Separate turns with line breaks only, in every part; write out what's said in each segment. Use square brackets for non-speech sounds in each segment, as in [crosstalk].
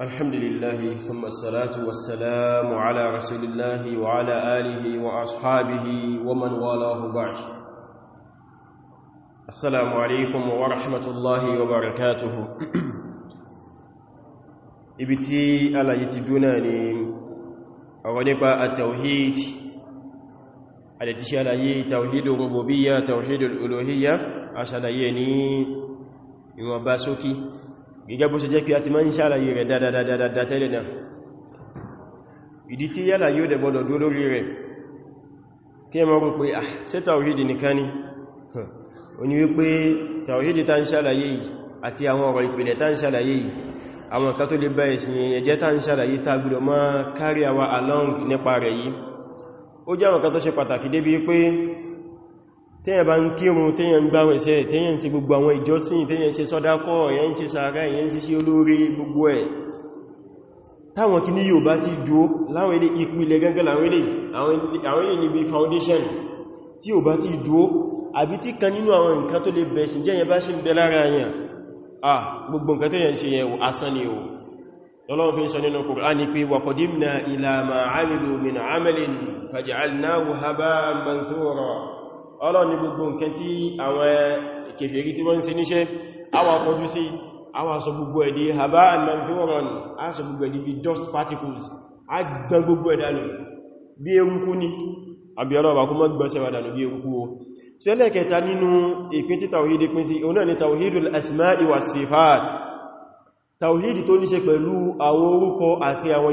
الحمد لله ثم الصلاة والسلام على رسول الله وعلى آله وأصحابه ومن والاه بعد السلام عليكم ورحمة الله وبركاته ابتي على يتدوناني أغنقى التوحيد على تشالي توحيد الربوبية توحيد الألوهية عشان يني يوباسوكي gẹ́gẹ́ bó ṣe jẹ́ pé a ti máa ń ṣàlàyé rẹ̀ dáadáa tẹ́lẹ̀ náà ìdí tí yálà yóò dẹ̀gbọ́dọ̀ dúró lórí rẹ̀ kí ẹ mọ́ rò pé ah ṣe tàwíìdì nìkan ni o ní wípé tàwíìdì ta ń ṣàlàyé yìí àti àwọn ọ̀rọ̀ ìpìlẹ̀ ta ń tẹ́yàn bá ń kírun tẹ́yàn gbáwẹ̀ṣẹ́ tẹ́yàn ṣe gbogbo àwọn ìjọsìn tẹ́yàn ṣe sọ́dákọ́ èyàn ṣe sàárá èyàn ṣe sí olórí gbogbo ẹ̀ táwọn kí ní yóò bá ti dúó láwọn ilé ìpìlẹ̀ gẹ́gẹ́ láwọn ilé níbi foundation tí yóò bá ti dúó àbí tí kan nínú àwọn nǹkan tó lè bẹ̀sìn jẹ́ yẹn bá ṣe ń bẹ lára yẹn à gbogbo nǹkan fi ń sọ nínú Kùránì pé wa qadimna ila ma 'amilu min 'amalin faj'alnahu haba'an manthura ọlọ́ni gbogbo nǹkan tí àwọn kèfèrí tí wọ́n ń ṣe níṣẹ́ àwa kọjú sí àwa sọ gbogbo ẹ̀dí haba and manfiwaron a sọ gbogbo ẹ̀dí bí dust particles a gbẹ gbogbo ẹ̀dà lọ bí eruku ní àbí ọlọ́ọ̀bà kó mọ́ gbọ́sẹ̀ wà dànù bí eruku ni tàwídì al-asma'i wa sifat tàwídì tó ní ṣe pẹ̀lú àwọn orúkọ àti àwọn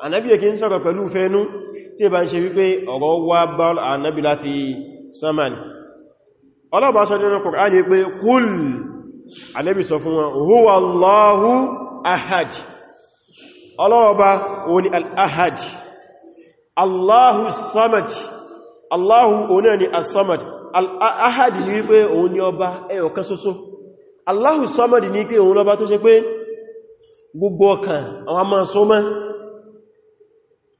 ànábì yẹ n ń sọ̀rọ̀ pẹ̀lú fẹ́nú tí bá ń ṣe wípé ọ̀rọ̀ wá bá ànábì láti sánmàní ọlọ́bàá sọ nínú Kùránì pé kúl ànábì sọ fún wọn Allahu ahad òní al-ahad Allahu samad samad Allahu samad ni ọba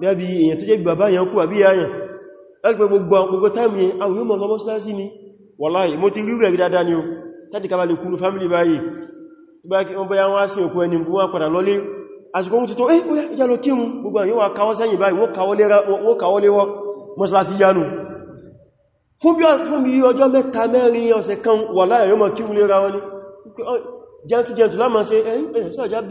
bí èyàn tó jẹ́ bàbá yẹn kú àbí yáyàn ẹgbẹ́ gbogbo gbogbo táìmù yẹn àwọn yóò mọ̀ lọ mọ́sálásí ni wàláhì mo ti rí rẹ̀ dáadáa ni o tàbí kaba lè kúrú fámílì báyìí tí bá kí wọ́n bá yán wá sí òkú ẹni eh bóyá ìjá lọ kírun gbogbo àwọn yóò wá káwọ́ sẹ́yìn báyìí wọ́n káwọ́ léwọ́ mọ́sálásí yánu fún bí kan wàláhì yóò mọ̀ kírun lé ra wọn ni jẹ́ntù jẹ́ntù lámà sí ẹ̀yìn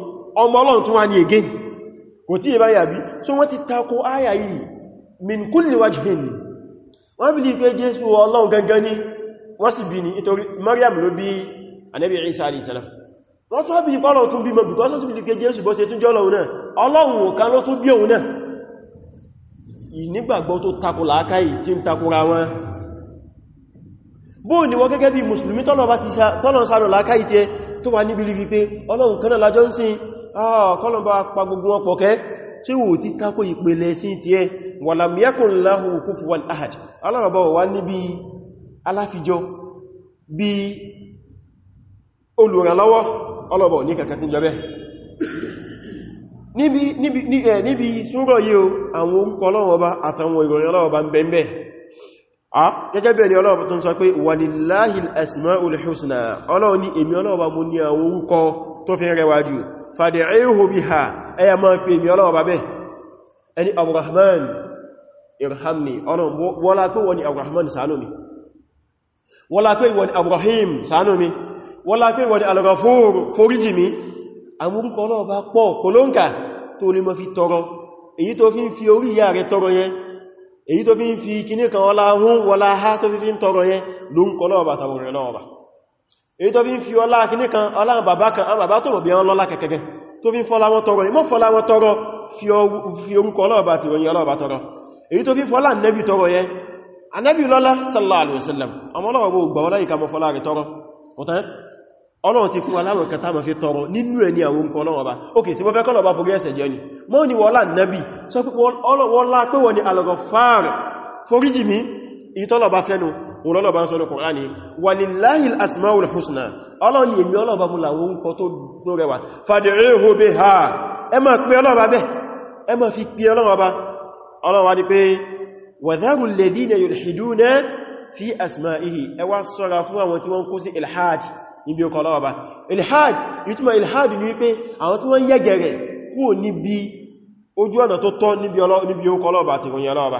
ọmọ ọlọ́run tún wá ní again kò tí ìbá yàbí so wọ́n ti tako áyà yìí min kulli wajhin wọ́n bí i pé jésù ọlọ́run gangan ní wọ́n sì bí ní ìtorí Maryam ló bí Ànábì Isa alayhi salam wọ́n tún bí pọ́lọ̀ tún bí mọ̀bí kọ́sọ́ tún bí pé jésù bọ́ sí tún jọ́lọ̀ náà ọlọ́run kan ló tún bí òun náà ìnígbàgbọ́ tó ni wọ́n gẹ́gẹ́ bí mùsùlùmí tọ́lọ̀ sáró làákàyè tí tó wà níbi rí pé ọlọ́run kan lájọ́ ń sin Ah, kọlọ̀bá pa gbogbo wọn pọ̀ kẹ́ tí wò tí tako ìpele sí ti ẹ walam yakun lahu kufuwan ahad aláwọ̀bá wà níbi aláfijọ́ bí olùrànlọ́wọ́ ní jọbẹ́ níbi súnrọ̀ yìí o àwọn orúkọ ọlọ́wọ́ bá àtàwọn ìròyìn fàdí'íhù biha ẹyà máa pè mí ọlọ́wọ́ bàbẹ́ ẹni abúrahman irhamni ọlọ́run wọ́lá pé wọ́n ni abúrahman ṣàánú mi wọ́lá pé wọ́n ni abúrahim ṣàánú mi wọ́lá pé wọ́n ni alghafur foríjì mi amúrúkọ ọlọ́wọ́ bá pọ̀ kòlónkà tó lè mọ́ fi tọrọ èyí tó fi ń fi èyí tó fi ń fi ọlá kìní kan ọlá bàbá kan àwọn bàbá tó mọ̀ bí wọn lọ́lá kẹ̀kẹ́gẹ́ tó fi ń fọ́lá wọn tọrọ ìmọ́ fọ́lá wọn tọrọ fi orúkọ ọlọ́ọ̀bá ti ròyìn ọlọ́ọ̀bá tọrọ èyí tó fi fọ́lá nẹ́bì tọrọ yẹ anẹ́bì lọ́lá sallallahu alaihi wasallam ọmọ ọlọ́ọ̀bá ògbà ọlá ìkàmọ́ fọ́lá rẹ̀ tọrọ kọ̀tán ọlọ́run ti fún aláwọ̀ kẹta ma fi tọrọ nínú ẹ̀ ní àwọn nǹkan ọlọ́run ọba ok tí wọ́n fẹ́ ni mọ́ ni wọ́lá nẹ́bì sọ ọlọ́nà bá ń sọ́nà Kùránì walillahi al-asmaul husna ọlọ́ni èmi ọlọ́ba mú làwọn ń kọ tó rẹwà fad'uhu biha ẹ máa pè ọlọ́ba bẹ́ ẹ máa fi pè ọlọ́ba ọlọ́wà ni pé wadharu alladhina yulhiduna fi asma'ihi ẹ wá ojú ọ̀nà tó tọ́ níbi ọkọ̀ ọlọ́ba àti ìròyìn ọlọ́ba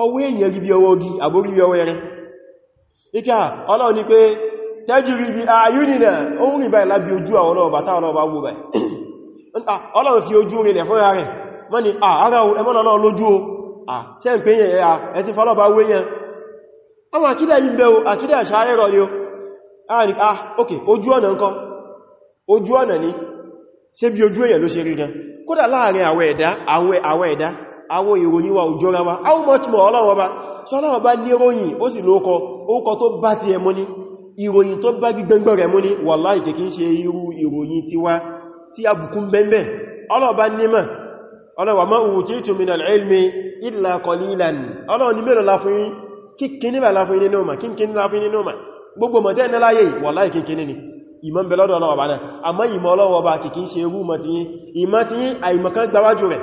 ọwọ́ èèyàn ríbi ọwọ́ ogi àbóríbi ọwọ́ ẹ̀rin ikẹ́ ọlọ́run ni pé tẹ́jù ríbi ààyúnìnà oún rí báyìí lábí ojú àwọn ọba táwọn ọba wó báyìí [clears throat] fi ojú rí fún ara mọ́ni ara ẹmọ́nà náà lójú o ṣe ń pè yẹn ya ti fọ́lọ́ba ya ẹ̀dá àwọn ìròyìn wa òjò rawa how much more ọlọ́wọ́ bá so ọlọ́wọ́ bá ní ròyìn ó sì lóókọ ókọ tó bá ti ẹmú ní ìròyìn tó bá gbígbẹ́gbẹ́ rẹ̀ mú ní wallahi kìí ṣe irú ìròyìn tiwa tí abùkún bẹ́ẹ̀bẹ́ ọlọ́wọ́ bá ní mọ̀ ọlọ́wọ́ ma utitu min al-ilmi illa qalilan ọlọ́wọ́ ní mélòó la fún yín kíkíní bá la fún yín nínú mà wallahi kíkíní ni ìmọ̀ ń bẹ lọ́dọ̀ ọlọ́wọ́ bá náà àmọ́ ìmọ̀ ọlọ́wọ́ bá kìkín ṣe irú mọ̀ tí yín ìmọ̀ tí yín àìmọ̀kan gbáwájú rẹ̀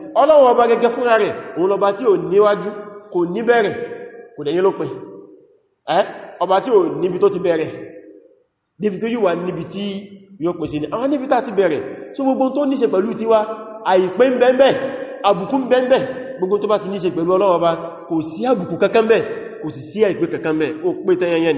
ọlọ́run ọba gẹ́gẹ́ fúnra rẹ̀ òun lọba tí ò níwájú kò ní bẹ̀rẹ̀ kò dẹ̀yìn lópin ọba tí ò níbi tó ti bẹ̀rẹ̀ níbi tó yíwa níbi tí yóò pèsè ní àwọn níbi tá ti bẹ̀rẹ̀ so gbogbo tó níṣe pẹ̀lú tiwa àìpé ń bẹ́ẹ̀ àbùkù ń bẹ́ẹ̀ gbogbo tó bá ti níṣe pẹ̀lú àìpé kankan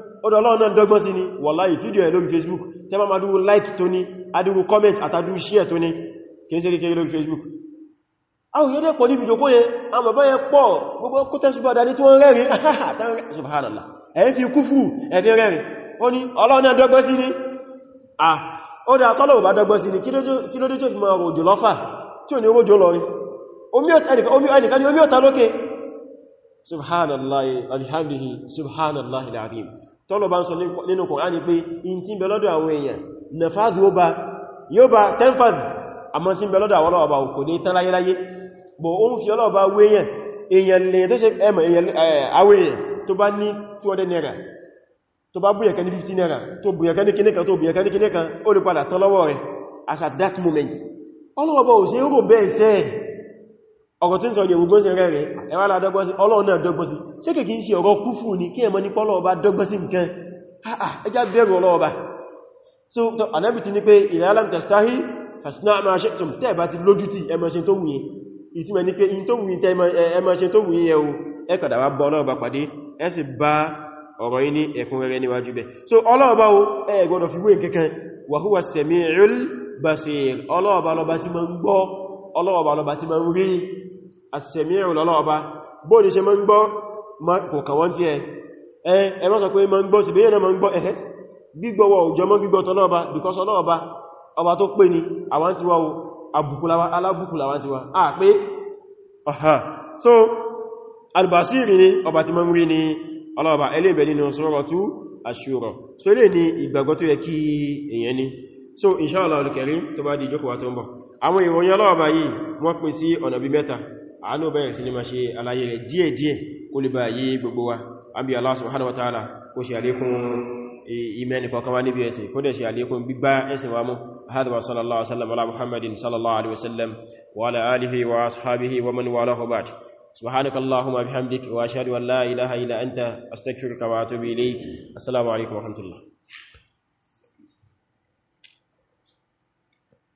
ọdọ̀ ọlọ́run náà dọ́gbọ́n sí ni vidio fídíò ẹ̀ lórí facebook tẹ́mà máa dúró like tó ní adúrú comment àtàdúrú share tó ní kí n sí kékeré lórí facebook àwọn yóò dẹ́pọ̀ ní fídíò kóyẹ àmọ̀ báyẹ pọ̀ gbogbo kótẹ́sùgbọ́ dání tí wọ́n rẹ́rin [laughs] subhanallah ẹ̀ fi ni ah ni ni subhanallah alhamdulillah tọ́lọ̀ bá ń sọ nínú Kùránì pé in tí ń bẹ lọ́dọ̀ àwọn èèyàn nafaz yóò bá yóò bá tenfaz àmọ́ tí ń bẹ lọ́dọ̀ àwọn ọlọ́ọ̀bá kò ní tán láyéláyé bọ̀ o ń fi ọlọ́ọ̀bá wéyàn èèyàn lè tó ṣe ẹmọ̀ àwẹ̀yàn tó bá ní 200 naira tó bá búyẹ̀ kan ní 50 naira tó búyẹ̀ kan ní kíní kan tó búyẹ̀ kan ní kíní kan ó lè as at that moment ọlọ́ọ̀bá ò ṣe ń rò ọ̀rọ̀ tí ń sọ yẹ̀wò gbọ́nsẹ̀ rẹ̀ rẹ̀ ẹwà aládọ́gbọ́sí ọlọ́run náà dọ́gbọ́sí ṣé kìí kìí ṣe ọ̀rọ̀ kúfù ní kí ẹmọ ní pọ́lọ̀ ọba dọ́gbọ́sí nǹkan ẹjá bẹ̀rù ọlọ́ọba so anábì ti ní pé in alam tastahi fasna ma shi'tum tẹ́ bá ti lójú tí ẹmọ ṣe tó wùyìn ìtumọ̀ ní pé in tó wùyìn tẹ́ ẹmọ ṣe tó wùyìn ọlọ́ọba so ọlọ́ọba o ẹ gbọ́dọ̀ fi wé kankan wa huwa sami'ul basir ọlọ́ọba lọba ti ma ń gbọ́ ọlọ́ọba lọba ti ma ń rí àsẹ̀míẹ̀rùn lọ́lọ́ọba bó ní ṣe ma ń gbọ́ kò kàwọn tí ẹ ẹ mọ́ sọ pé ma ń gbọ́ sí bèèrè ma ń gbọ́ ẹ̀hẹ́ gbígbọ́wọ́ òjò mọ́ gbígbọ́ tọ́lọ́ọba because ọlọ́ọba ọba tó pè so albasiri ni ọba ni ọlọ́ọba ẹlẹ́bẹ̀ nínú suratu ashura so ilé ni ìgbàgbọ́ tó ni so inshallah al-karim tó bá di jókòó wa tó ń bọ̀ àwọn ìròyìn ọlọ́ọba yìí wọ́n pín sí ọ̀nà bí mẹ́ta àánú bẹ̀rẹ̀ sí ní ma ṣe àlàyé rẹ̀ díẹ̀díẹ̀ kó lè bá yé gbogbo wa àbí Allah subhanahu wa ta'ala kó ṣe àlékún imani kọkànwá níbi ẹ̀sìn kó dẹ̀ ṣe àlékún gbígbá ẹ̀sìn wa mú هذا وصلى الله وسلم على محمد صلى الله عليه وسلم وعلى آله وأصحابه ومن والاه بعد سبحانك اللهم وبحمدك وأشهد أن لا إله إلا أنت أستغفرك وأتوب إليك السلام عليكم ورحمة الله